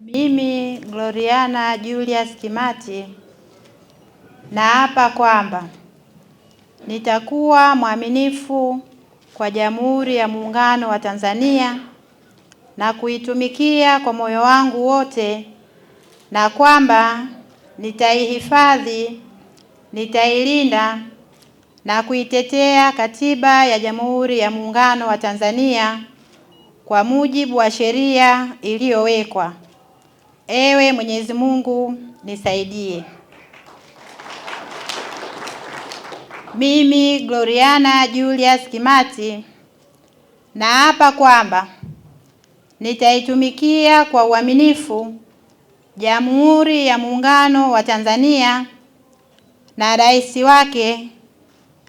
Mimi Gloriana Julius Kimati naapa kwamba nitakuwa mwaminifu kwa Jamhuri ya Muungano wa Tanzania na kuitumikia kwa moyo wangu wote, na kwamba nitaihifadhi, nitailinda na kuitetea Katiba ya Jamhuri ya Muungano wa Tanzania kwa mujibu wa sheria iliyowekwa. Ewe Mwenyezi Mungu nisaidie. Mimi Gloriana Julius Kimati naapa kwamba nitaitumikia kwa uaminifu Jamhuri ya Muungano wa Tanzania na rais wake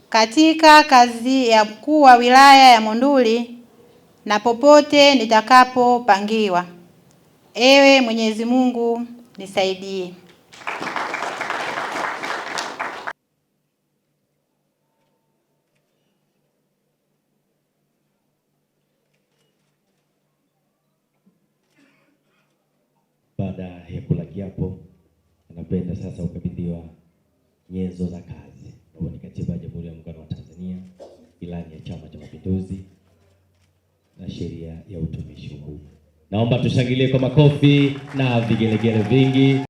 katika kazi ya mkuu wa wilaya ya Monduli na popote nitakapopangiwa. Ewe Mwenyezi Mungu nisaidie. Baada ya kula kiapo, anapenda sasa ukabidhiwa nyenzo za kazi ambayo ni Katiba ya Jamhuri ya Muungano wa Tanzania, Ilani ya Chama cha Mapinduzi na Sheria ya Utumishi wa Umma. Naomba tushangilie kwa makofi na vigelegele vingi.